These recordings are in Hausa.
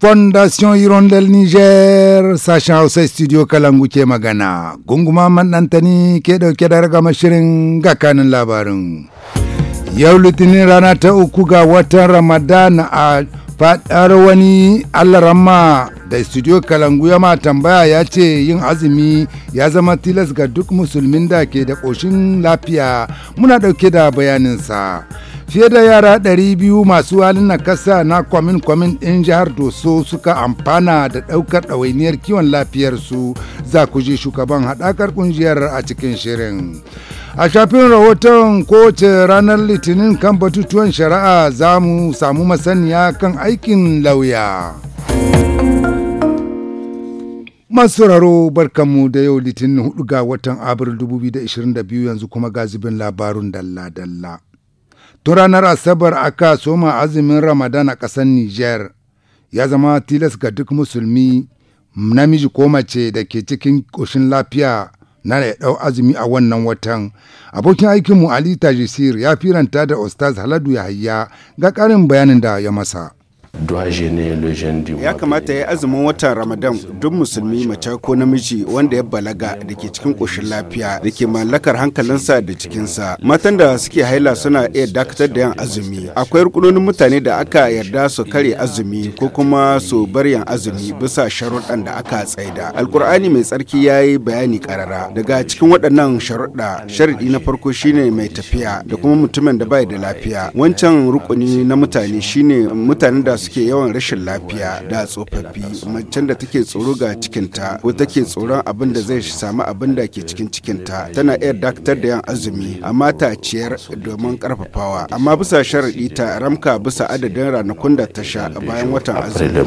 fondation hirondel niger sashen hausa studio kalangu ke magana gunguma man ɗantani ke ɗauke da ragama shirin ga kanin labarin yau litinin rana ta uku ga watan ramadana a faɗar wani allarama da studio kalangu ya ma tambaya ya ce yin azumi ya zama tilas ga duk musulmin da ke da ƙoshin lafiya muna ɗauke da bayaninsa fiye da yara 200 masu halin nakasa na kwamin-kwamin ɗin jihar doso suka amfana da ɗaukar ɗawainiyar kiwon lafiyarsu za ku je shugaban haɗakar ƙungiyar a cikin shirin a shafin rahoton kowace ranar litinin kan batutuwan shari'a za mu samu masaniya kan aikin lauya masauraro barkanmu da yau litinin 4 ga watan abril 2022 yanzu kuma gazibin labarun dalla-dalla Tun ranar Asabar aka soma azumin Ramadan a ƙasar Nijar, ya zama tilas ga duk musulmi namiji ko mace da ke cikin ƙoshin lafiya na da ɗau azumi a wannan watan. Abokin aikinmu Ali Tajisir ya firanta da Ostaz Haladu Yahaya ga ƙarin bayanin da ya masa. Ya kamata ya azumin watan Ramadan duk musulmi mace ko namiji wanda ya balaga da ke cikin ƙoshin lafiya da ke mallakar hankalinsa da cikinsa. Matan da suke haila suna iya dakatar da yan azumi. Akwai rukunonin mutane da aka yarda su kare azumi ko kuma su bar yan azumi bisa sharuɗan da aka tsaida. alkur'ani mai tsarki ya yi bayani karara Daga cikin waɗannan sharuɗa, sharaɗi na farko shine mai tafiya da kuma mutumin da bai da lafiya. Wancan rukuni na mutane shine mutanen da suke yawan rashin lafiya da tsofaffi macen da take tsoro ga cikinta ko take tsoron abin da zai samu abin da ke cikin cikinta tana iya daktar da yan azumi a ta ciyar domin karfafawa amma bisa sharaɗi ta ramka bisa adadin ranakun da ta sha bayan watan azumi.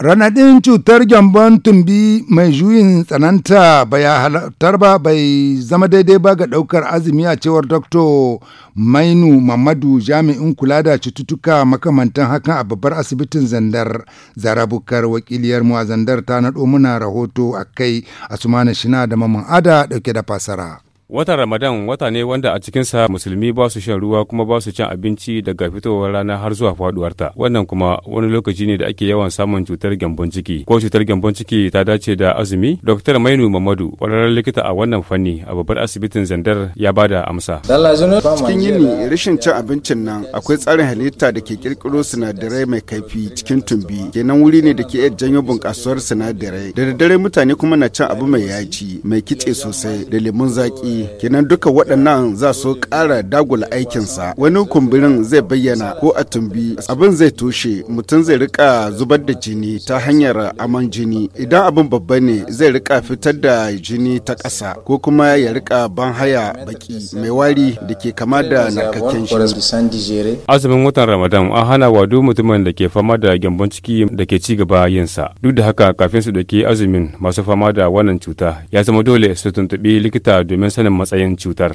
Ranaɗin cutar gyambon tumbi mai juyin tsananta bai halartar ba bai zama daidai ba ga ɗaukar azumi a cewar Dr. Mainu Mamadu jami'in kula da cututtuka makamantan hakan a babbar asibitin Zandar. Zarabukar wakiliyar mu a Zandar ta naɗo muna rahoto a kai Asumana Shina da Maman Ada ɗauke da fasara. Watan Ramadan wata ne wanda a cikinsa musulmi ba su shan ruwa kuma ba su cin abinci daga fitowar rana har zuwa faduwarta. Wannan kuma wani lokaci ne da ake yawan samun cutar gyambon ciki. Ko cutar gyambon ciki ta dace da azumi? Dr. Mainu Mamadu, kwararren likita a wannan fanni a babbar asibitin Zandar ya ba da amsa. Cikin yini rashin cin abincin nan akwai tsarin halitta da ke kirkiro sinadarai mai kaifi cikin tumbi. Kenan wuri ne da ke iya janyo bunƙasuwar sinadarai. Da daddare mutane kuma na cin abu mai yaji, mai kitse sosai, da lemun zaƙi kenan duka waɗannan za su ƙara dagula aikinsa wani kumburin zai bayyana ko a tumbi abin zai toshe mutum zai rika zubar da jini ta hanyar aman jini idan abin babba ne zai rika fitar da jini ta ƙasa ko kuma ya rika ban haya baki mai wari da ke kama da narkakken shi azumin watan ramadan an hana wa duk mutumin da ke fama da gyambon ciki da ke ci gaba yinsa duk da haka kafin su ɗauki azumin masu fama da wannan cuta ya zama dole su tuntuɓi likita domin sanin sanin matsayin cutar.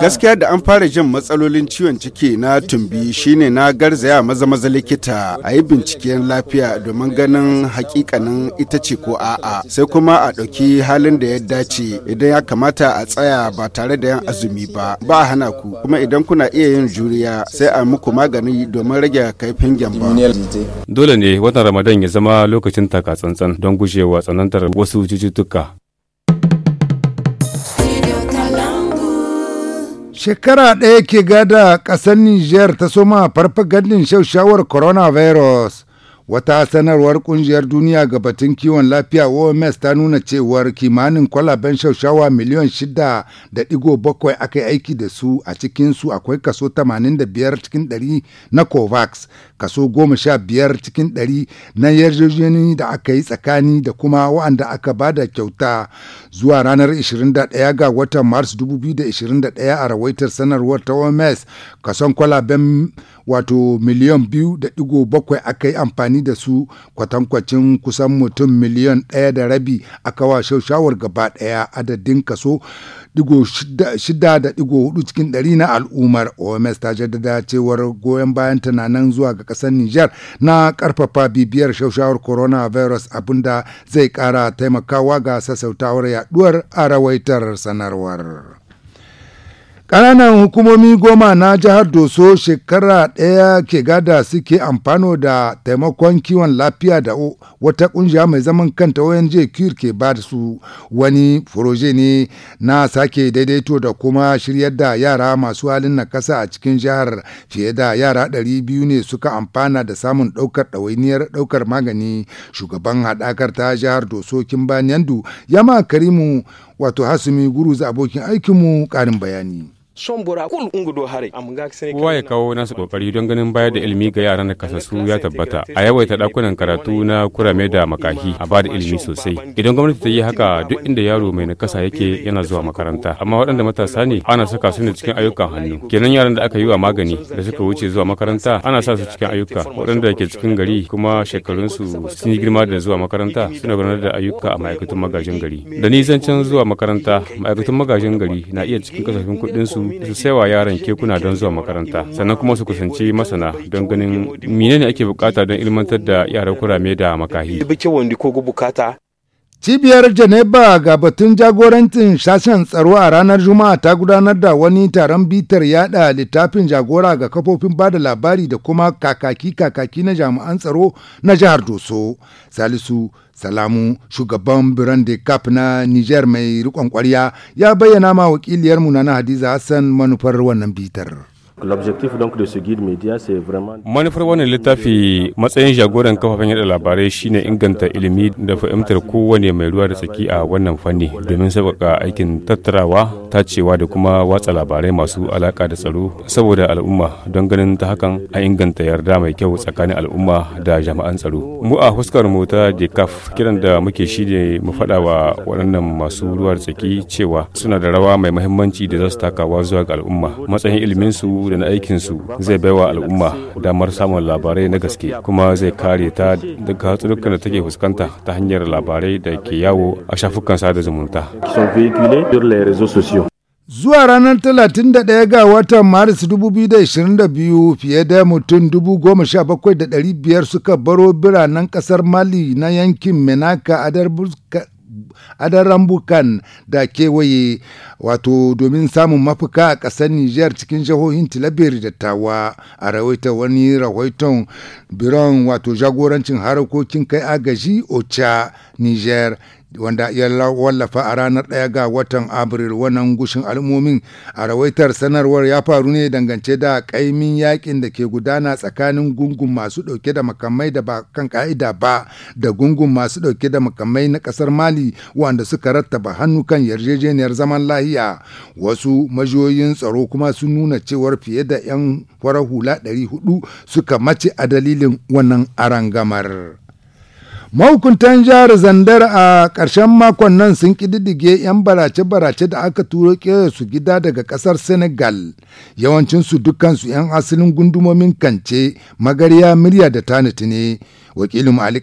Gaskiya da an fara jin matsalolin ciwon ciki na tumbi shine na garzaya maza maza likita a yi binciken lafiya domin ganin hakikanin ita ce ko a'a sai kuma a ɗauki halin da ya dace idan ya kamata a tsaya ba tare da yan azumi ba ba a hana ku kuma idan kuna iya yin juriya sai a muku magani domin rage kaifin gyamba. Dole ne watan Ramadan ya zama lokacin takatsantsan don gujewa tsanantar wasu cututtuka. Shekara ɗaya ke gada ƙasar Nijar ta soma farfagandin shaushawar coronavirus Wata sanarwar kungiyar duniya ga batun kiwon lafiya OMS ta nuna cewar kimanin kwalaben shaushawa miliyan shida da digo bakwai aka yi aiki da su a cikinsu akwai kaso 85 cikin 100 na COVAX, kaso 15 cikin 100 na yarjejeni da aka yi tsakani da kuma wa'anda aka ba da kyauta zuwa ranar 21 ga watan Mars 2021 a rawaitar sanarwar ta OMS kason kwalaben wato miliyan biyu da digo bakwai aka yi amfani da su kwatankwacin kusan mutum miliyan ɗaya da rabi a wa shawar gaba ɗaya adadin kaso digo shida da digo hudu cikin ɗari na al'ummar oms ta jaddada cewar goyon bayan tunanin zuwa ga ƙasar niger na ƙarfafa bibiyar shaushawar coronavirus abinda zai ƙara taimakawa ga sassautawar yaduwar a rawaitar sanarwar. ƙananan hukumomi goma na jihar doso shekara ɗaya ke gada suke amfano da taimakon kiwon lafiya da wata ƙungiya mai zaman kanta ONG cure ke ba su wani furoje ne na sake daidaito da kuma shiryar da yara masu halin na kasa a cikin jihar fiye da yara ɗari biyu ne suka amfana da samun ɗaukar ɗawainiyar ɗaukar magani shugaban haɗakar ta jihar doso kimba yandu yama karimu wato hasumi za abokin aikinmu ƙarin bayani. bora kul ungudo hare ya kawo nasu kokari don ganin bayar da ilimi ga yaran da kasassu ya tabbata a yawaita dakunan karatu na kurame da makahi a bada ilimi sosai idan gwamnati ta yi haka duk inda yaro mai nakasa yake yana zuwa makaranta amma waɗanda matasa ne ana saka su ne cikin ayyukan hannu kenan yaran da aka yi wa magani da suka wuce zuwa makaranta ana sa su cikin ayyuka waɗanda ke cikin gari kuma shekarunsu sun yi girma da zuwa makaranta suna gudanar da ayyuka a ma'aikatan magajin gari da nisan can zuwa makaranta ma'aikatan magajin gari na iya cikin kasafin kuɗinsu su su wa yaran kekuna don zuwa makaranta sannan kuma su kusanci masana don ganin menene ake bukata don ilmantar da yaran kurame da makahi. Cibiyar Geneva ga batun jagorancin sashen tsaro a ranar Juma'a ta gudanar da wani taron bitar yada littafin jagora ga kafofin bada labari da kuma kakaki-kakaki na jami'an tsaro na jihar Doso. Salisu Salamu, shugaban Birande Cap na Niger mai rikon ƙwarya ya bayyana ma wakiliyarmu na Hadiza Hassan manufar wannan bitar. Manufar wannan littafi matsayin jagoran kafafen yada labarai shine inganta ilimi da fahimtar kowane mai ruwa da tsaki a wannan fanni domin sabaka aikin tattarawa, tacewa da kuma watsa labarai masu alaka da tsaro saboda al'umma don ganin ta hakan a inganta yarda mai kyau tsakanin al'umma da jama'an tsaro. Mu a fuskar mu ta kaf kiran da muke shi ne mu fada wa waɗannan masu ruwa da tsaki cewa suna da rawa mai muhimmanci da za su takawa zuwa ga al'umma matsayin su. da na aikinsu zai baiwa al'umma damar samun labarai na gaske kuma zai kare ta daga hatsurukan da take fuskanta ta hanyar labarai da ke yawo a shafukan sada zumunta. Zuwa ranar 31 ga watan Maris 2022 fiye da mutum 17,500 suka baro biranen ƙasar Mali na yankin Menaka a ada rambukan da kewaye wato domin samun mafuka a ƙasar Nijar cikin jihohin tilabiri da Tawa a rawaita wani rahoton biron wato jagorancin harkokin kai agaji Ocha Nijar wanda ya wallafa a ranar ɗaya ga watan Abril wannan gushin al'ummomin a rawaitar sanarwar ya faru ne dangance da ƙaimin yakin da ke gudana tsakanin gungun masu ɗauke da makamai da ba kan ka'ida ba da gungun masu ɗauke da makamai na ƙasar Mali wanda suka rattaba hannu kan yarjejeniyar zaman lahiya. Wasu majiyoyin tsaro kuma sun nuna cewar fiye da 'yan farar hula 400 suka mace a dalilin wannan arangamar. mahukuntan jihar zandar a ƙarshen makon nan sun ƙididdige 'yan barace-barace da aka turo su gida daga ƙasar senegal yawancinsu dukansu 'yan asalin gundumomin kance magarya murya da taniti ne wakilin ali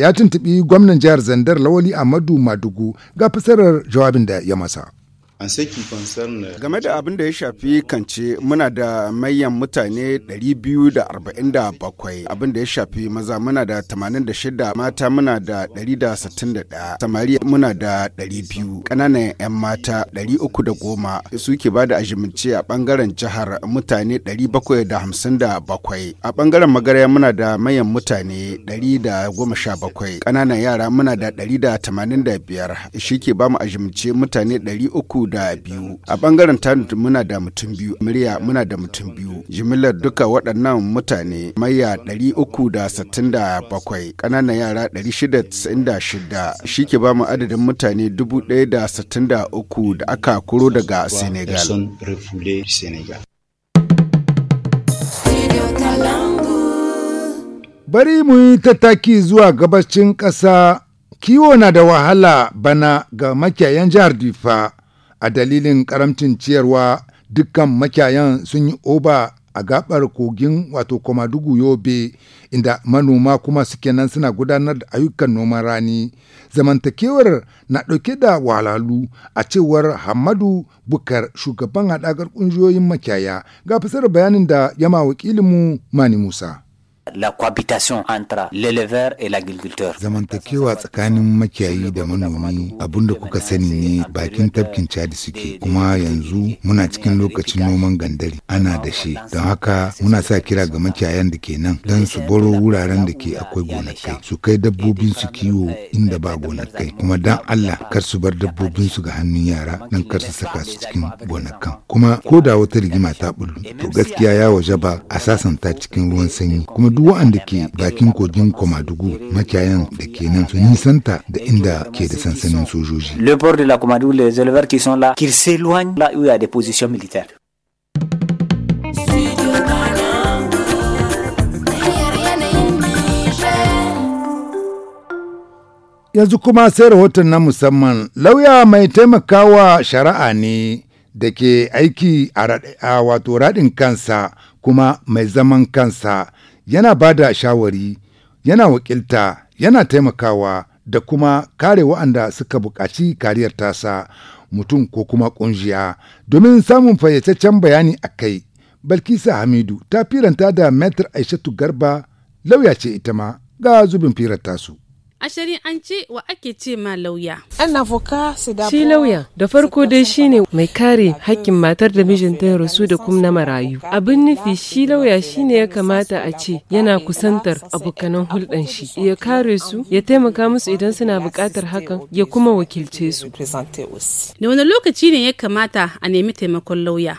ya tuntubi gwamnan jihar zandar lawali amadu madugu ga fasarar jawabin da ya masa Game da abin da ya shafi kance muna da mayan mutane 247 abin da ya shafi maza muna da 86 mata muna da 161 samari muna da 200 kananan 'yan mata 310 suke ba da ajimince a bangaren jihar mutane 757 a bangaren magarya muna da mayan mutane 117 kananan yara muna da 185 shi ke ba mu ajimince mutane 300 guda biyu a bangaren tanut muna da mutum biyu murya muna da mutum biyu jimillar duka waɗannan mutane maya 367 ƙananan yara 696 shi ke ba mu adadin mutane 1063 da aka kuro daga senegal Bari mu yi tattaki zuwa gabacin ƙasa, kiwo na da wahala bana ga makiyayan jihar Difa, a dalilin karamcin ciyarwa dukkan makiyayan sun yi oba a gabar kogin wato komadugu yobe inda manoma kuma suke nan suna gudanar da ayyukan noman rani zamantakewar na ɗauke da walalu a cewar hamadu bukar shugaban haɗakar ƙungiyoyin makiyaya ga fasar bayanin da yama wakilinmu mani musa la cohabitation entre l'éleveur et l'agriculteur. Zamantakewa tsakanin makiyayi da manomi abinda kuka sani ne bakin tabkin cadi suke kuma yanzu muna cikin lokacin noman gandari ana da shi don haka muna sa kira ga makiyayan da ke nan don su baro wuraren da ke akwai gonakai su kai dabbobin su kiwo inda ba gonakai kuma dan Allah kar su bar dabbobin su ga hannun yara dan kar su saka su cikin gonakan kuma ko da wata rigima ta bullu to gaskiya ya waje ba a sasanta cikin ruwan sanyi kuma duk waɗanda ke bakin kogin Komadugu makiyayan da ke nan su nisanta da inda ke da sansanin sojoji. Le port de la komadugu les éleveurs qui sont là, qui s'éloignent là où il y a des positions militaires. Yanzu kuma sai rahoton na musamman lauya mai taimakawa shari'a ne da ke aiki a wato raɗin kansa kuma mai zaman kansa yana ba da shawari yana wakilta yana taimakawa da kuma kare wa'anda suka buƙaci kariyar tasa mutum ko kuma ƙunjiya domin samun fayyacaccen bayani a kai balkisa hamidu ta firanta da metar aishatu garba lauya ce ita ma ga zubin firar tasu a ce wa ake ce ma lauya. Shi lauya da farko dai shi ne mai kare hakkin matar da mijinta ya rasu da kuma na marayu. Abin nufi shi lauya shi ne ya kamata a ce yana kusantar abokanan hulɗan shi ya kare su ya taimaka musu idan suna buƙatar hakan ya kuma wakilce su. Da wani lokaci ne ya kamata a nemi taimakon lauya.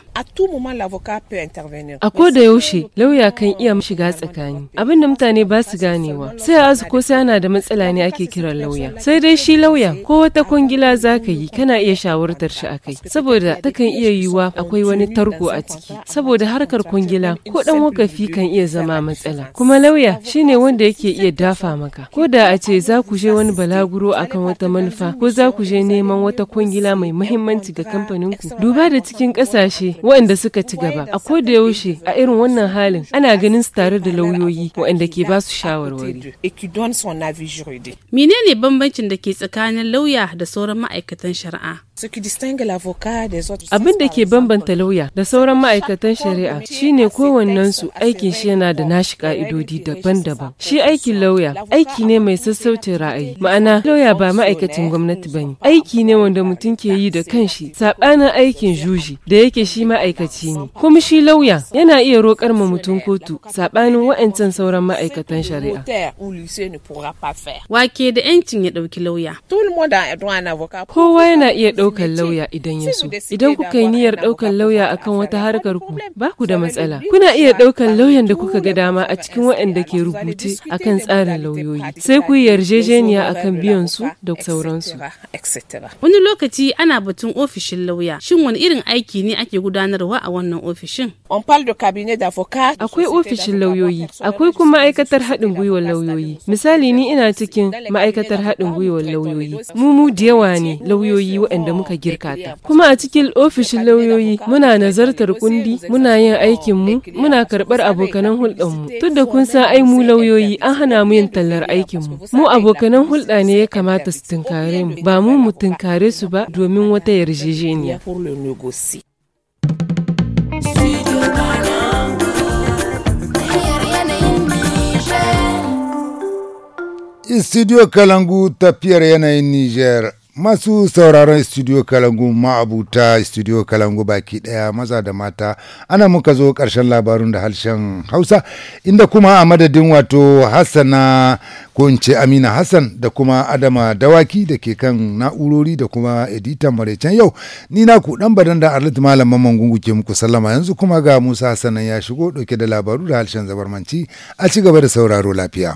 A ko da yaushe lauya kan iya shiga tsakani. Abin da mutane ba su ganewa sai a ko sai ana da matsala mutane ake kiran lauya sai dai shi lauya ko wata kwangila za ka yi kana iya shawartar shi akai saboda takan iya yiwa, akwai wani tarko a ciki saboda harkar kwangila ko dan wakafi kan iya zama matsala kuma lauya shine wanda yake iya dafa maka ko da a ce za ku je wani balaguro akan wata manufa ko za ku je neman wata kwangila mai muhimmanci ga kamfanin ku duba da cikin kasashe waɗanda suka ci gaba a ko da yaushe a irin wannan halin ana ganin su tare da lauyoyi waɗanda ke ba su shawarwari daidai. Menene bambancin da ke tsakanin lauya da sauran ma'aikatan shari'a? Abin da ke bambanta lauya da sauran ma'aikatan shari'a shine kowannensu aikin shi yana da nashi ka'idodi daban-daban. Shi aikin lauya aiki ne mai sassaucin ra'ayi. Ma'ana lauya ba ma'aikacin gwamnati ba ne. Aiki ne wanda mutum ke yi da kanshi saɓanin aikin juji da yake shi ma'aikaci ne. Kuma shi lauya yana iya roƙar ma mutum kotu saɓanin wa'ancan sauran ma'aikatan shari'a. Wake da 'yancin ya ɗauki lauya. Kowa yana iya ɗauki ɗaukar lauya idan ya so. Idan kuka yi niyyar ɗaukar lauya akan wata harkar ku ba ku da matsala. Kuna iya ɗaukar lauyan da kuka ga dama a cikin waɗanda ke rubuce akan tsarin lauyoyi. Sai ku yi yarjejeniya akan biyan su da sauransu. Wani lokaci ana batun ofishin lauya. Shin wani irin aiki ne ake gudanarwa a wannan ofishin? Akwai ofishin lauyoyi, akwai kuma ma'aikatar haɗin gwiwar lauyoyi. Misali ni ina cikin ma'aikatar haɗin gwiwar lauyoyi. Mu mu da yawa ne lauyoyi waɗanda muka girka ta kuma a cikin ofishin lauyoyi muna nazartar kundi muna yin aikin mu muna karɓar abokanan hulɗar mu tun da kun san ai mu lauyoyi an hana mu yin tallar aikin mu mu abokanan hulɗa ne ya kamata su tunkare mu ba mu mu tunkare su ba domin wata yarjejeniya studio kalangu tafiyar yanayin nijar Masu sauraron Studio Kalangu ma'abuta Studio Kalangu baki ɗaya maza da mata ana muka zo karshen labarun da harshen Hausa inda kuma a madadin wato Hassana ko Amina Hassan da kuma Adama Dawaki da ke kan na'urori da kuma editan maraicen yau ni na ku dan badan da Arlit Malam Mamman Gungu ke muku sallama yanzu kuma ga Musa Hassanan ya shigo ɗauke da labaru da harshen zabarmanci a ci gaba da sauraro lafiya.